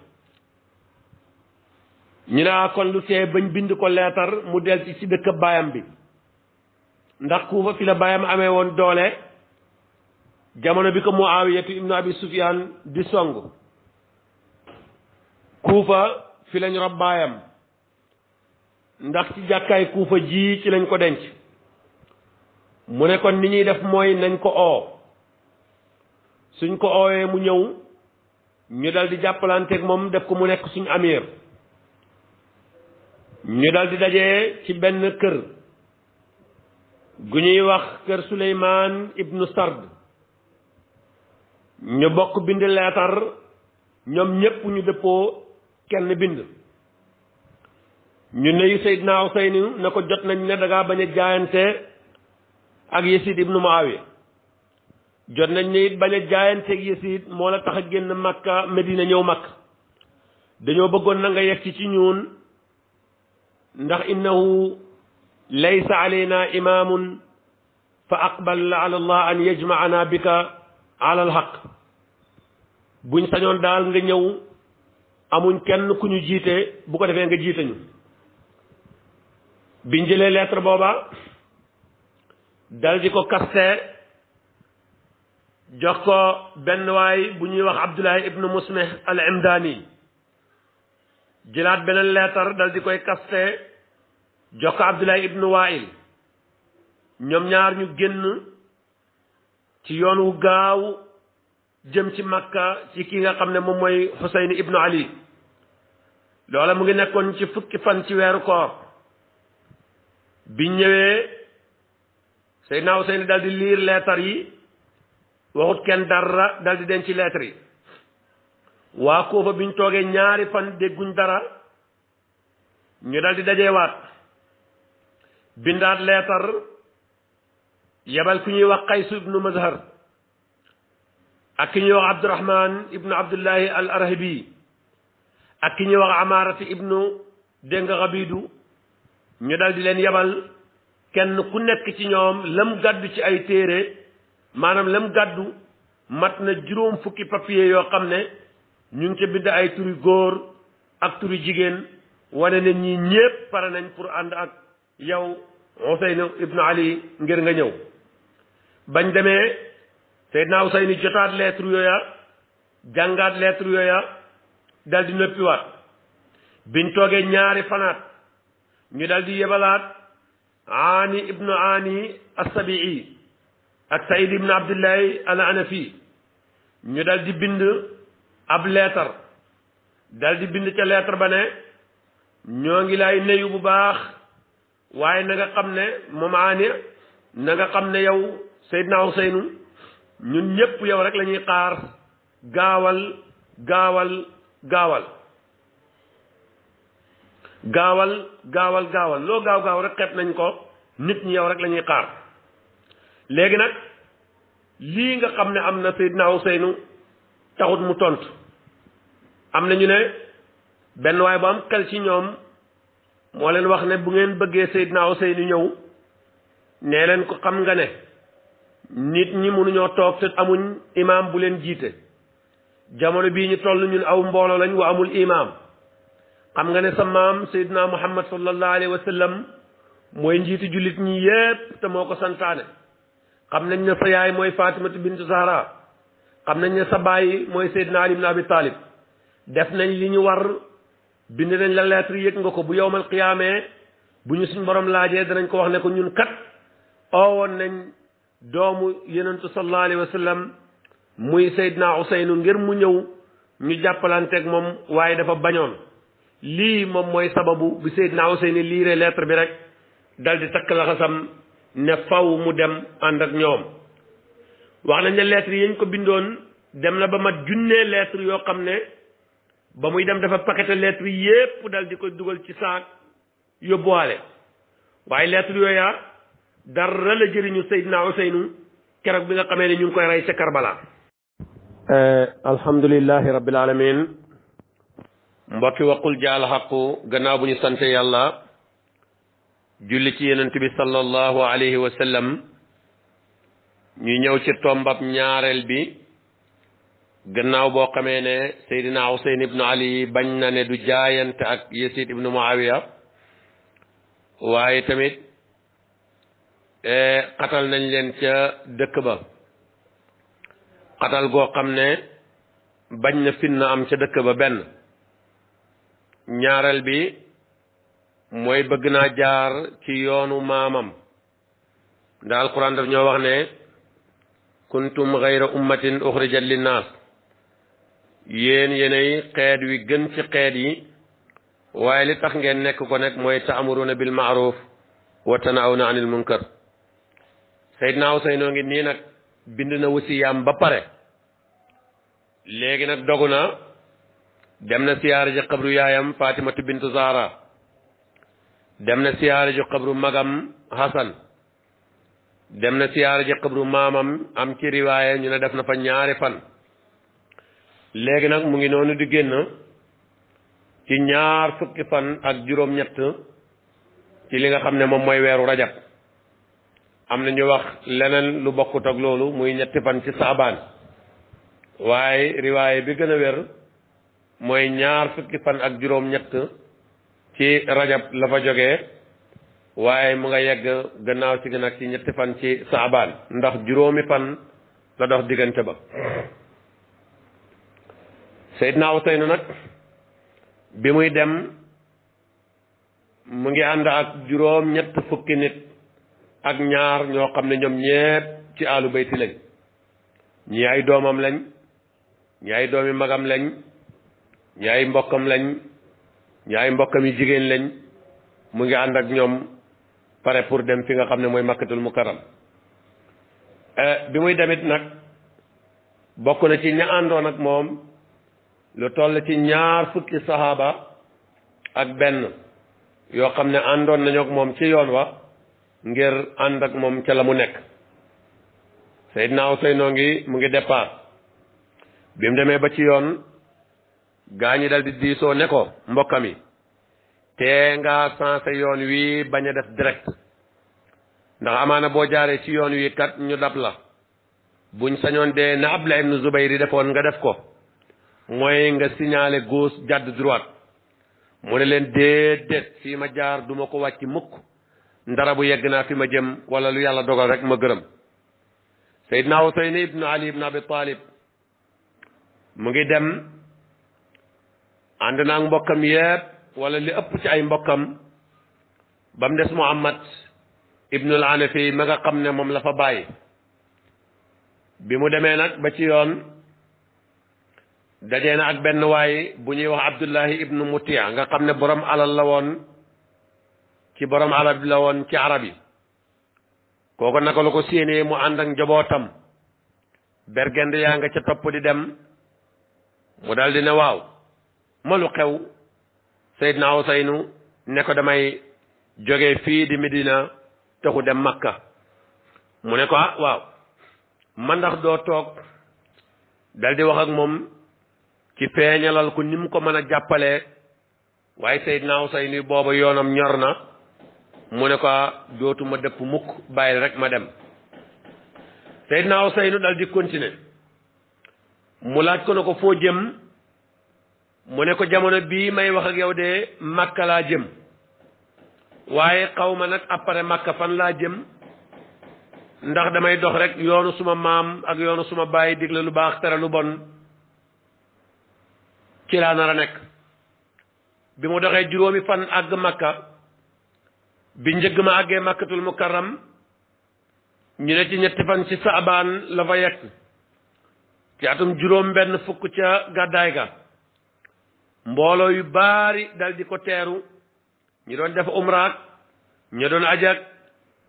ñu ne ah kon lu tee bañ bind ko leetar mu dell ci ci baayam bi ndax kuufa fi la baayam amee woon doole jamono bi ko muawiyatu ibnu abi sufyaan di song kuufa fi lañu rob baayam ndax ci jàkkaay kuufa ji ci lañ ko denc mu ne kon ni ñuy def mooy nañ ko oo suñ ko oowee mu ñëw ñu dal di jàppalanteeg moom def ko mu nekk suñ amir ñu dal di daje ci benn kër gu ñuy wax kër Suleymaan ibnu Sard ñu bokk bind leetar ñoom ñépp ñu dëppoo kenn bind ñu nuyu Seydina Useynu na ko jot nañ ne dangaa bañ jaayante ak Yasiid ibnu Muawiya jot nañ ne it a jaayante ak Yasiid moo la tax a génn Makka Medina ñëw Makka dañoo bëggoon na nga yegg ci ci ñun ndax innahu laysa alayna imaamun fa aqbal ala allah an yajmaana bika ala alxaq buñ sañoon daal nga ñëw amuñ kenn ku ñu jiite bu ko defee nga jiite ñu biñ jëlee lettre booba dal di ko kaste jox ko benn waay bu ñuy wax abdullahi ibnu musmeh al imdaani jëlaat beneen leetar dal di koy kaste jox ko Abdullah ibn Wail ñoom ñaar ñu génn ci yoon wu gaaw jëm ci makka ci ki nga xam ne moom mooy Xuseyn ibnu Ali loola mu ngi nekkoon ci fukki fan ci weeru koor bi ñëwee Seydina Xuseyn dal di liir leetar yi waxut kenn dara dal di denc leetar yi waa Koofa biñ toogee ñaari fan dégguñ dara ñu dal di dajeewaat bindaat leetar yebal ku ñuy wax Qays ibnu Mazhar ak ki ñuy wax Abdurahman ibnu Abdullahi al Arhabi ak ki ñuy wax Amaarati ibnu Déng Xabidu ñu dal di leen yebal kenn ku nekk ci ñoom lam gàddu ci ay téere maanaam lam gàddu mat na juróom fukki papier yoo xam ne ñu ngi ca bind ay turi góor ak turi jigéen wane nañ ñi ñépp pare nañ pour ànd ak yow Husayn ibnu Ali ngir nga ñëw bañ demee Seydina Husayn jotaat lettre yooya jàngaat lettre yooya dal di noppiwaat biñ toogee ñaari fanaat ñu daldi di yebalaat aani ibnu aani assabii ak saïd ibnu abdullahi al anafi ñu daldi bind ab leetar daldi bind ca leetar ba ne ñoo ngi lay nuyu bu baax waaye na nga xam ne moom aane na nga xam ne yow naaw Useynu ñun ñépp yow rek la ñuy xaar gaawal gaawal gaawal gaawal gaawal gaawal loo gaaw gaaw rek xeeb nañ ko nit ñi yow rek la ñuy xaar léegi nag lii nga xam ne am na Seydina Useynu taxut mu tontu am nañu ñu ne benn waay bu am xel ci ñoom moo leen wax ne bu ngeen bëggee Seydina nu ñëw nee leen ko xam nga ne nit ñi mënuñoo toog te amuñ imaam bu leen jiite jamono bii ñu toll ñun aw mbooloo lañ wa amul imaam xam nga ne sa maam Seydina Muhammad sallallahu alayhi wa sallam mooy njiiti jullit ñi yépp te moo ko santaane xam nañ ne sa yaay mooy Fatimatu bintu Zahra xam nañ ne sa bàyyi mooy Seydina naa ibn Abi def nañ li ñu war bind nañ la lettre yëg nga ko bu yowmal qiyaamee bu ñu suñ borom laajee danañ ko wax ne ko ñun kat oowoon nañ doomu yenentu sallallahu alayhi wa sallam muy Seydina ngir mu ñëw ñu jàppalanteeg moom waaye dafa bañoon lii moom mooy sababu bi naa Useynu liire lettre bi rek dal di takk laxasam ne faw mu dem ànd ak ñoom wax nañ ne lettre yañ ko bindoon dem na ba mat junnee leetr yoo xam ne ba muy dem dafa paqueté lettre yépp dal di ko dugal ci saak yóbbuwaale waaye lettre yooya dara la jëriñu Seydina Useynu keroog bi nga xamee ne ñu ngi koy rey ca Karbala eh, alhamdulillahi rabbil alamin mbokki waqul jaal xaqu gannaaw bu sante yàlla julli ci yenent bi sallallahu alayhi wa ñu ñëw ci tombab ñaareel bi gannaaw boo xamee ne Seydina Huseyn ibnu Ali bañ na ne du jaayante ak Yasid ibnu Muawiya waaye tamit e, xatal nañ leen ca dëkk ba xatal goo xam ne bañ na fitna am ca dëkk ba benn ñaareel bi mooy bëgg naa jaar ci yoonu maamam ndax alquran daf ñoo wax ne kuntum xayra ummatin uxrijat linnaas yéen yéenay xeet wi gën ci xeet yi waaye li tax ngeen nekk ko nag mooy taamuruna bil maaruf wa tanawna anil munkar Seydina Useynoo ngi nii nag bind na wasiyaam ba pare léegi nag dogu na dem na siyaara ji xabru yaayam Fatimatu bintu Zahra dem na siyaara ji xabru magam Hasan dem na siyaara ji xabru maamam am ci riwaaya ñu ne def na fa ñaari fan léegi nag mu ngi noonu di génn ci ñaar fukki fan ak juróom-ñett ci li nga xam ne moom mooy weeru rajab am na ñu wax leneen lu bokkut ak loolu muy ñetti fan ci saabaan waaye riwaaya bi gën a wér mooy ñaar fukki fan ak juróom-ñett ci rajab la fa jógee waaye mu nga yegg gannaaw si nag ci ñetti fan ci saabaan ndax juróomi fan la dox diggante ba Seydina Useynu nag bi muy dem mu ngi ànd ak juróom ñett fukki nit ak ñaar ñoo xam ne ñoom ñépp ci aalu bayti lañ ñi doomam lañ ñi ay doomi magam lañ ñi ay mbokkam lañ ñi mbokkam yi jigéen lañ mu ngi ànd ak ñoom pare pour dem fi nga xam ne mooy makkatul mukarram eh, bi muy demit nag bokk na ci ña àndoon ak moom lu toll ci ñaar fukki saxaaba ak benn yoo xam ne àndoon nañu ak moom ci yoon wa ngir ànd ak moom ca la mu nekk Seydina Useynu ngi mu ngi départ bi mu demee ba ci yoon gaa ñi dal di diisoo ne ko mbokkam yi te nga sensé yoon wi bañ a def direct ndax amaana boo jaaree ci yoon wi kat ñu dab la buñ sañoon dee na Abdallah ibn Zubayr yi defoon nga def ko mooy nga signalé gauche jàdd droite mu ne leen déedéet fii ma jaar duma ko wàcc mukk ndara bu yegg naa fi ma jëm wala lu yàlla dogal rek ma gërëm Seydina Huseyn ibnu Ali ibnu Abi Talib mu ngi dem ànd naa ak mbokkam yépp wala li ëpp ci ay mbokkam ba mu des Muhammad ibnul Hanafi ma nga xam ne moom la fa bàyyi bi mu demee nag ba ci yoon dajee na ak benn waay bu ñuy wax Abdullahi ibnu Mutiya nga xam ne borom alal la woon ci borom alal la woon ci arab yi kooku naka la ko séenee mu ànd ak njabootam bergend yaa nga ca topp di dem mu daldi ne waaw ma lu xew Seydina nu ne ko damay jóge fii di Medina taxu dem Makka mu ne ko ah waaw man doo toog dal di wax ak moom ci feeñalal ko ni mu ko mën a jàppale waaye Seydina Useynu booba yoonam ñor na mu ne ko ah, dootuma dëpp mukk bàyyil rek ma dem Seydina Useynu dal di continuer mu laaj ko ne ko foo jëm mu ne ko jamono bii may wax ak yow de makka laa jëm waaye xaw ma nag après makka fan laa jëm ndax damay dox rek yoonu suma maam ak yoonu suma bàyyi digle lu baax tere lu bon ci laa nar a nekk bi mu doxee juróomi fan àgg makka bi njëgg ma àggee makkatul mukarram ñu ne ci ñetti fan ci saabaan la fa yegg ci atum juróom benn fukk ca gàddaay ga mbooloo yu baari daldi ko teeru ñu doon def umraak ñu doon ajak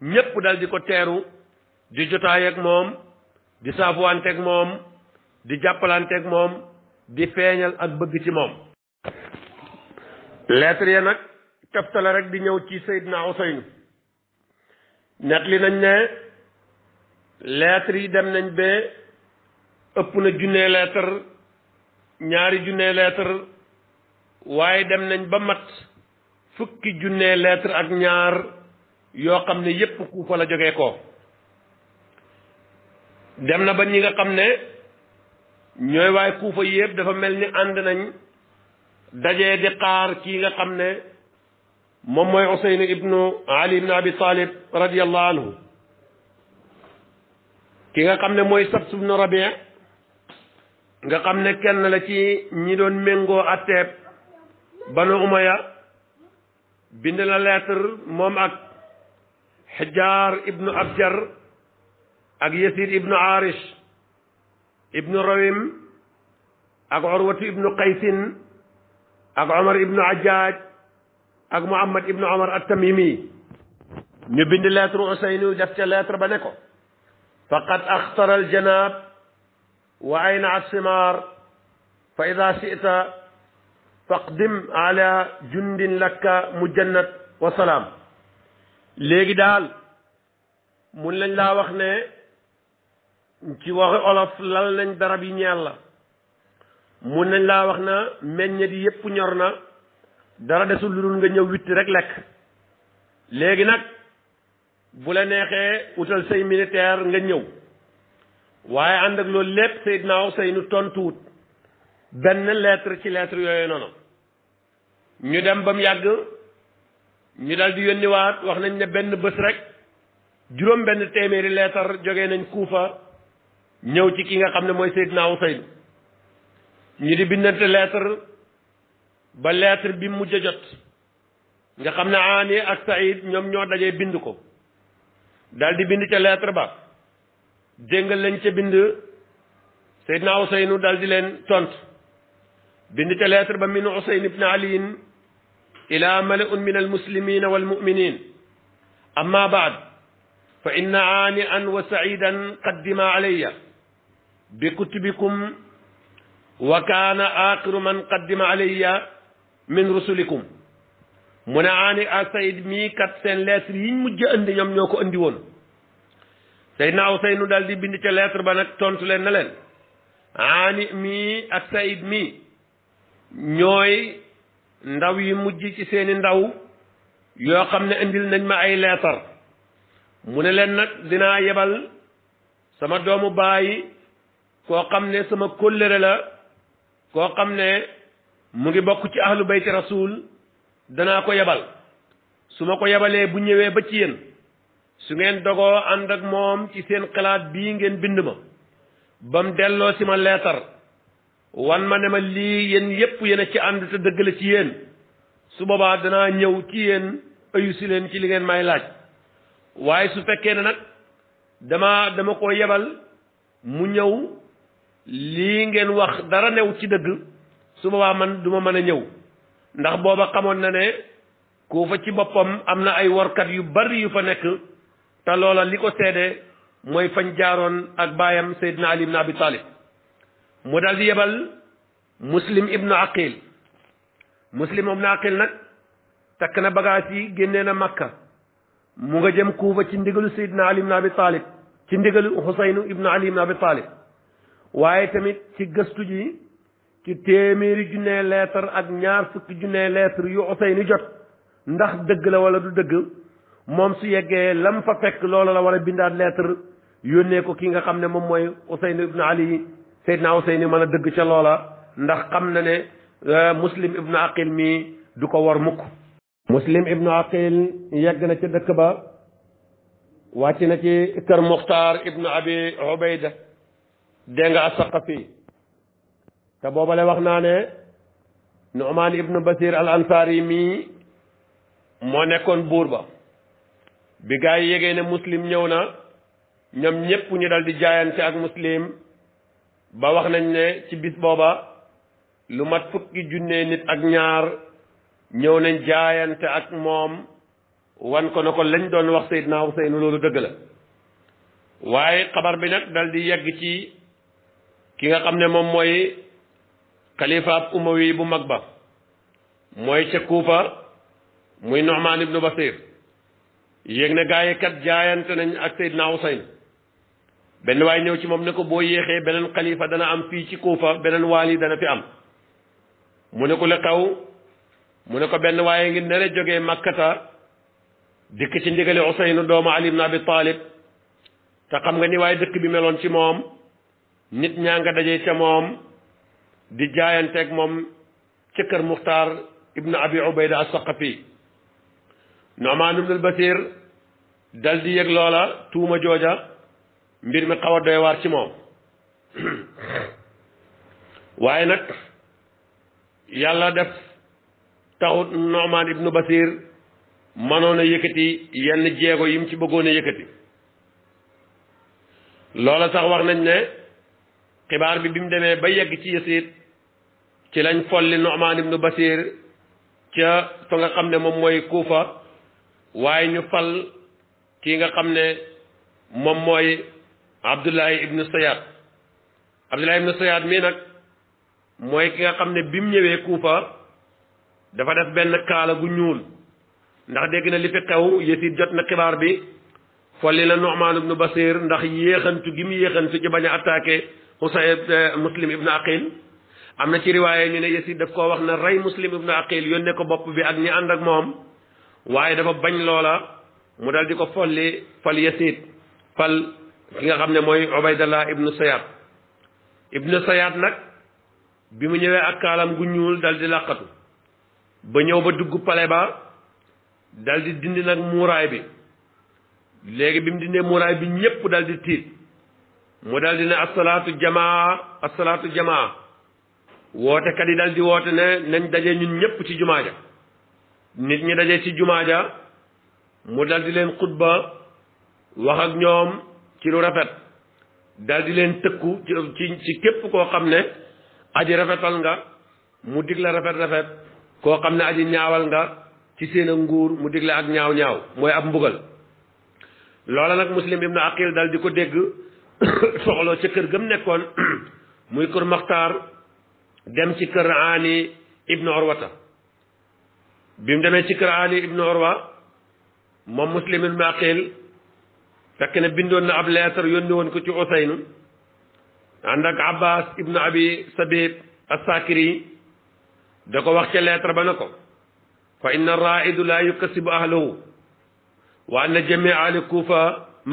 ñépp dal di ko teeru di jotaay ak moom di saafuwante ak moom di jàppalante ak moom di feeñal ak bëgg ci moom lettre ya nag teftale rek di ñëw ci Seydina Useynu net li nañ ne lettre yi dem nañ ba ëpp na junne lettre ñaari junne lettre waaye dem nañ ba mat fukki junne lettre ak ñaar yoo xam ne yépp kuufa la jógee ko dem na ba ñi nga xam ne ñooy waaye kuufa yépp dafa mel ni ànd nañ dajee di xaar kii nga xam ne moom mooy Useyn ibnu Ali ibnu Abi Talib radiyallahu anhu ki nga xam ne mooy Sabs ibnu Rabi nga xam ne kenn la ci ñi doon méngoo atteeb banu umaya bind na lettre moom ak xijjaar ibnu abjar ak yasiid ibnu arish ibnu rawim ak urwatu ibnu qaysin ak omar ibnu ajjaaj ak muhammad ibnu omar attamimi ñu bind lettre useynu def ca lettre ba ne ko faqad axtara aljanaab wa ayna asimaar fa ida sita faqdim ala jundin lakka mujannat wa salaam léegi daal mun lañ laa wax ne ci waxi olof lal nañ darab yi ñeel la mun nañ laa wax na meññet yi yépp ñor na dara desul lu dul nga ñëw witti rek lekk léegi nag bu la neexee utal say militaire nga ñëw waaye àndak ak loolu lépp Seydina Useynu tontuwut benn lettre ci lettre yooyu noonu ñu dem ba mu yàgg ñu daal di yónniwaat wax nañ ne benn bés rek juróom benn téeméeri leetar jógee nañ Kuufa ñëw ci ki nga xam ne mooy Seydina Usayn ñu di bindante leetar ba leetar bi mujj a jot nga xam ne Aani ak Saïd ñoom ñoo dajee bind ko daal bind ca leetar ba jéngal lañ ca bind Seydina Usaynu daal di leen tont bind ca leetar ba min Usayn ibn Aliin إلى ملأ من المسلمين والمؤمنين أما بعد فإن عانئا وسعيدا قدم علي بكتبكم وكان آخر من قدم علي من رسلكم mu ne Hania Saïd mii kat seen lettre yi ñu mujj andi ñoom ñoo ko andi woon Seydina Ousseynou daal di bind ca lettre ba nag tontu leen na leen Hania mii ak Saïd mii ñooy ndaw yi mujj ci seeni ndaw yoo xam ne indil nañ ma ay leetar mu ne leen nag dinaa yebal sama doomu baay koo xam ne sama kóllëre la koo xam ne mu ngi bokk ci ahlu bayti rasul danaa ko yebal su ma ko yebalee bu ñëwee ba ci yéen su ngeen dogoo ànd ak moom ci seen xalaat bii ngeen bind ma ba mu delloo si ma leetar wan ma ne ma lii yéen yépp yéen ci ànd te dëgg la ci yéen su boobaa danaa ñëw ci yéen ayu si leen ci li ngeen may laaj waaye su fekkee ne nag dama dama ko yebal mu ñëw lii ngeen wax dara new ci dëgg su boobaa man duma mën a ñëw ndax booba xamoon na ne Kuufa ci boppam am na ay workat yu bari yu fa nekk te loola li ko seede mooy fañ jaaroon ak baayam Seydina Ali ibn Abi Talib mu dal di yebal muslim ibnu aqil muslim ibnu aqil nag takk na bagaas yi génnee na makka mu nga jëm kuufa ci ndigalu sayidna ali ibnu abi talib ci ndigalu xusaynu ibnu ali ibnu abi waaye tamit ci gëstu ji ci téeméeri junne lettre ak ñaar fukki junne lettre yu xusaynu jot ndax dëgg la wala du dëgg moom su yeggee lam fa fekk loola la war a bindaat lettre yónnee ko ki nga xam ne moom mooy Usayn ibn Ali Seydina Useyni man a dëgg ca loola ndax xam na ne euh, muslim ibnu aqil mi du ko war mukk muslim ibnu aqil yegg na ca dëkk ba wàcc na ci kër muxtaar ibnu abi ubayda dégg nga asaqafi te boobale wax naa ne nu'maan ibnu basir al ansaari mii moo nekkoon buur ba bi gaa yi yégee ne muslim ñëw na ñoom ñépp ñu dal di ci ak muslim ba wax nañ ne ci bis booba lu mat fukki junnee nit ak ñaar ñëw nañ jaayante ak moom wan ko na ko lañ doon wax Seydina Huseyn loolu dëgg la waaye xabar bi nag daldi yegg ci ki nga xam ne moom mooy xalifaab umawi bu mag ba mooy ca Kuufa muy Nu'maan ibnu Basiir yéeg ne gaa yi kat jaayante nañ ak Seydina Huseyn benn waaye ñëw ci moom ne ko boo yéexee beneen xalifa dana am fii ci Kuufa beneen waali dana fi am mu ne ko la xaw mu ne ko benn waaye ngi nere jógee Makkata dikk ci ndigale Useynu doomu Ali ibn Abi Talib te xam nga ni waaye dëkk bi meloon ci moom nit ñaa nga dajee ca moom di jaayanteeg moom ci kër Muxtaar ibn Abi Ubayda as-Saqafi Nu'maan ibn al-Basiir dal di yëg loola tuuma jooja mbir mi xaw a doy waar ci moom waaye nag yàlla def taxut Nu'man ibnu Basir mënoon a yenn jéego yi mu ci bëggoon a yëkkati loola sax wax nañ ne xibaar bi bi mu demee ba yegg ci Yasid ci lañ folli Nu'man ibnu Basir ca fa nga xam ne moom mooy Kuufa waaye ñu fal kii nga xam ne moom mooy abdullahi ibnu sayad abdullahi ibnu sayad mii nag mooy ki nga xam ne bi mu ñëwee kuufa dafa def benn kaala gu ñuul ndax dégg na li fi xew Yasiid jot na xibaar bi folli na Nu'maan ibnu Basiir ndax yéexantu gi mu yéexantu ci bañ a attaqué Husayn eh, Muslim ibnu Aqil am na ci riwaaye ñu ne Yasiid daf koo wax na rey Muslim ibnu Aqil yónnee ko bopp bi ak ñu ànd ak moom waaye dafa bañ loola mu dal di ko folli fal Yasiid fal ki nga xam ne mooy Ubaydallah ibnu Sayaat ibnu Sayaat nag bi mu ñëwee ak kaalam gu ñuul dal di làqatu ba ñëw ba dugg pale ba daldi di dindi nag muuraay bi léegi bi mu dindee muuraay bi ñépp dal di tiit mu dal di ne asalaatu jamaa asalaatu jamaa wootekat yi dal di woote ne nañ daje ñun ñépp ci jumaa ja nit ñi daje ci jumaa ja mu daldi leen xutba wax ak ñoom ci lu rafet daal di leen tëkku ci ci képp koo xam ne aji rafetal nga mu digla la rafet rafet koo xam ne aji ñaawal nga ci seen nguur mu digla la ak ñaaw ñaaw mooy ab mbugal loola nag muslim ibnu aqil daal di ko dégg <coughs> soxloo ca kër gëm nekkoon <coughs> muy kër maxtaar dem ci kër aani ibnu orwata bi mu demee ci kër aani ibnu orwa moom muslim ibnu aqil fekk ne bindoon na ab leetar yónni woon ko ci Useynu ànd ak Abbas ibnu Abi Sabib as-Sakiri da ko wax ca leetar ba na ko fa inna raidu la yukasibu ahlahu wa anna jamia ahli kuufa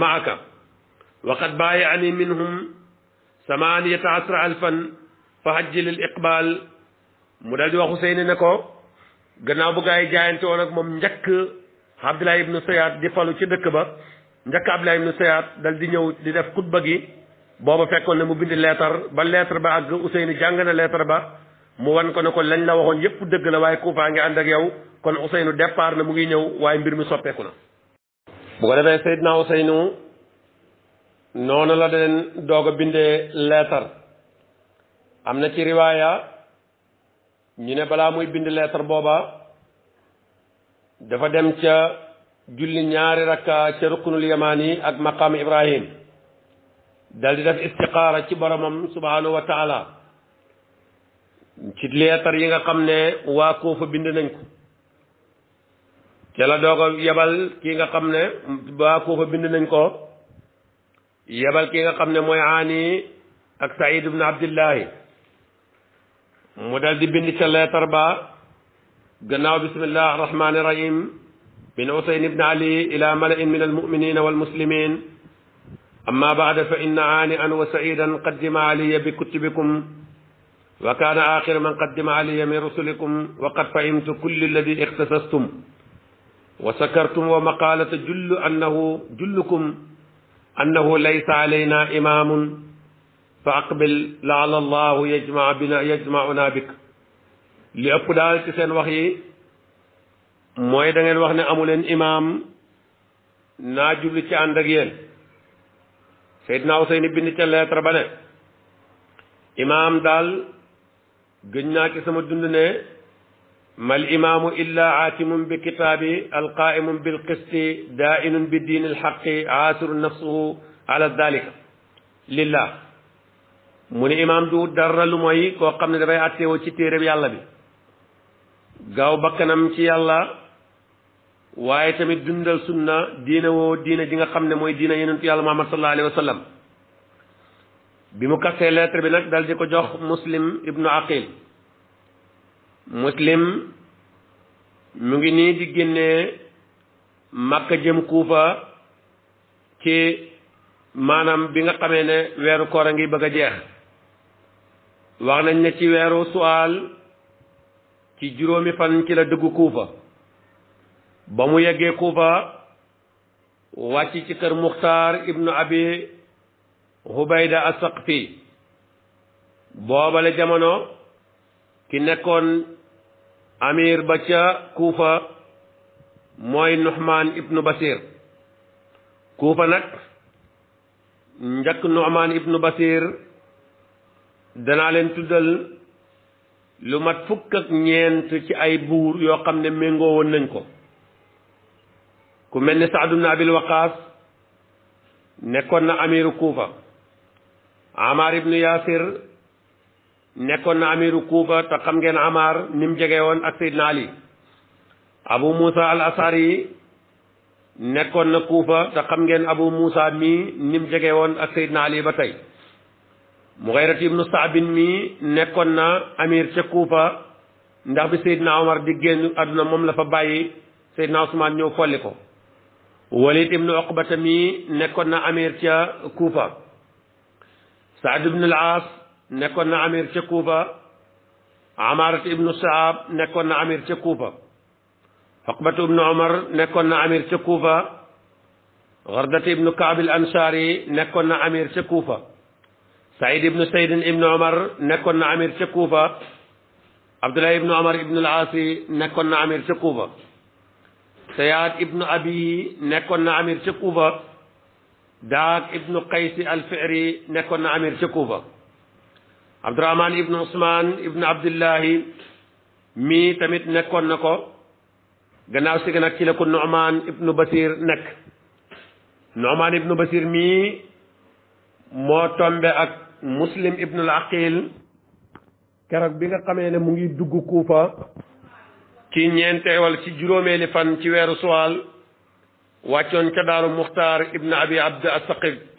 maaka wa qad baayi ani minhum samaniyata asra alfan fa hajji lil iqbal mu dal di wax Useynu ne ko gannaaw bu gaa yi jaayante woon ak moom njëkk Abdullah ibnu Sayad di falu ci dëkk ba njëkk Abdoulaye ibnu Sayaat dal di ñëw di def xutba gi booba fekkoon ne mu bind leetar ba leetar ba àgg Ousseynou jàng na leetar ba mu wan ko ne ko lañ la waxoon yépp dëgg la waaye Kuufa ngi ànd ak yow kon nu départ na mu ngi ñëw waaye mbir mi soppeeku na. bu ko defee Seydina Ousseynou noonu la den doog a bindee leetar am na ci riwaaya ñu ne balaa muy bind leetar booba dafa dem ca. julli ñaari rakka ca rukunul yamaani ak maqaam ibrahim dal di def ci boromam subhanahu wa taala ci leetar yi nga xam ne waa Kuufa bind nañ ko ca ki nga xam ne waa bind nañ ko yebal ki nga xam ne mooy aani ak Saïd ibn Abdillahi mu dal di ca leetar ba gannaaw bismillah rahmaani rahim min usayn ibn ali ila mala'in min almuminina walmuslimin amma baada fa inna aanian wa saidan qaddima aliya bi kutubikum wa kaana axira man qaddima aliya min rusulikum wa qad fahimtu kulli alladi ixtasastum wa sakartum wa maqalata jullu annahu jullukum annahu laysa alayna imamun fa aqbil laala allahu yajmaa bina yajmauna bik li ëpp daal ci seen wax yi mooy da wax ne amu leen imaam naa jubli ci ànd ak yéen Seydina Useyni bind ca lettre imaam daal gëñ naa ci sama dund ne mal imaamu illa aatimun bi kitaabi alqaa'imun bil qisti daa'inun bi diini alxaqi aasiru imaam du dara lu mooy koo xam ne dafay àtteewoo ci téereb yàlla bi gaaw bakkanam ci yàlla waaye tamit dundal sunna diina woo diina ji nga xam ne mooy diina yenentu yàlla muhammad sallallahu alayhi wa bi mu kasee lettre bi nag dal di ko jox muslim ibnu aqil muslim mu ngi nii di génnee makka jëm kuufa ci maanaam bi nga xamee ne weeru koor a ngi bëgg a jeex wax nañ ne ci weeru suwaal ci juróomi fan ci la dëggu kuufa ba mu yeggee Kuufa wàcc ci kër Muxtaar ibnu Abi Hubayda Asaqfi boobale jamono ki nekkoon amir ba ca Kuufa mooy Nuxmaan ibnu Basir Kuufa nag njëkk Nuxmaan ibnu Basir danaa leen tuddal lu mat fukk ak ñeent ci ay buur yoo xam ne méngoo woon nañ ko ku mel ni Saad ibn Abil Waqaas nekkoon na amiru Kuufa Amar ibnu Yaasir nekkoon na amiru Kuufa te xam ngeen Amar ni jege woon ak Seydina Ali Abu Moussa al Asari nekkoon na Kuufa te xam ngeen Abu Moussa mii ni jege woon ak Seydina Ali ba tey Mughayrat ibnu Saabin mii nekkoon na amir ca Kuufa ndax bi Seydina Omar di génn àdduna moom la fa bàyyi Seydina Ousmane ñëw folli ko walid ibnu oqbata mi nekkoon na amir ca Kuufa saad ibnu al aas nekkoon na amir ca Kuufa amarat ibnu saab nekkoon na amir ca Kuufa oqbatu ibnu omar nekkoon na amir ca Kuufa xardata ibnu kaab al ansaari nekkoon na amir ca Kuufa said ibnu saydin ibnu omar nekkoon na amir ca Kuufa abdullah ibnu omar ibnu al aasi nekkoon na amir ca Kuufa sayaad ibnu abi nekkoon na amir ca Kuufa daak ibnu qaysi alfiri nekkoon na amir ca Kuufa abdurahman ibnu usman ibnu abdillahi mii tamit nekkoon na ko gannaaw si nag ci la ko basir nekk nu'man ibnu basir mii moo tombe ak muslim ibnu al aqil bi nga xamee mu ngi dugg Kuufa ci ñeenteewal ci juróomeeli fan ci weeru suwaal wàccoon ca daaru muxtaar ibn abi abd a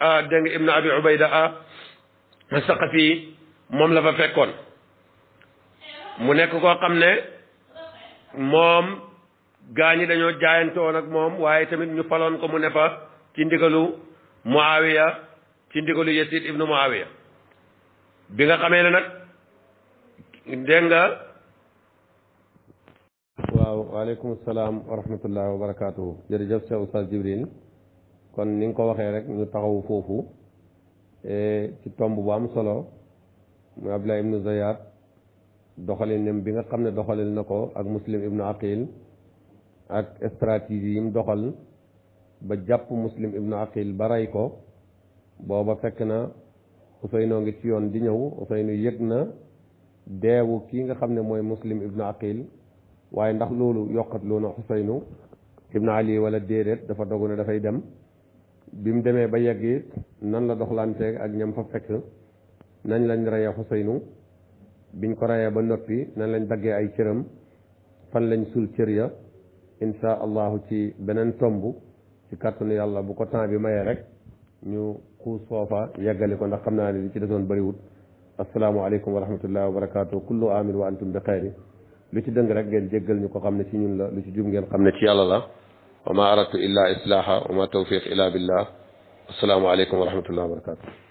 ah, dégg nga ibn abi ubayda a ah, asaqafi moom la fa fekkoon mu nekk koo xam ne moom gaa ñi dañoo jaayante woon ak moom waaye tamit ñu faloon ko mu ne fa ci ndigalu muawiya ci ndigalu yasid ibnu muawiya bi nga xamee ne nag dégg waaw waaleykum salaam wa rahmatullahi wa barakaatu. jërëjëf Cheikh Oustaz Jibril kon ni nga ko waxee rek ñu taxawu foofu eh, ci tomb bu am solo mu Abdullah ibnu Zayat doxalinam bi nga xam ne doxalil na ko ak Muslim ibnu Aqil ak stratégie yi mu doxal ba jàpp Muslim ibnu Aqil ba rey ko booba fekk na Useynoo ngi ci yoon di ñëw Useynu yëg na deewu kii nga xam ne mooy Muslim ibnu Aqil waaye ndax loolu yokkat loona xuseynu ibn ali wala déedéet dafa dogu ne dafay dem bi mu demee ba yegg it nan la doxlanteeg ak ñam fa fekk nañ lañ reyee xuseynu biñ ko reyee ba noppi nan lañ daggee ay cëram fan lañ sul cër ya insha allahu ci beneen tomb ci kàttanu yàlla bu ko temps bi mayee rek ñu xuus foofa yeggali ko ndax xam naa ne li ci desoon bëriwut asalaamaaleykum wa rahmatullahi wa barakaatu kullu amin wa antum bi xayri lu ci dëng rek ngeen jéggal ñu ko xam ne ci ñun la lu ci jub ngeen xam ne ci yàlla la wa ma aradtu illa islaaha wa ma tawfiq illa billah assalaamu aleykum wa rahmatullah wa barakatu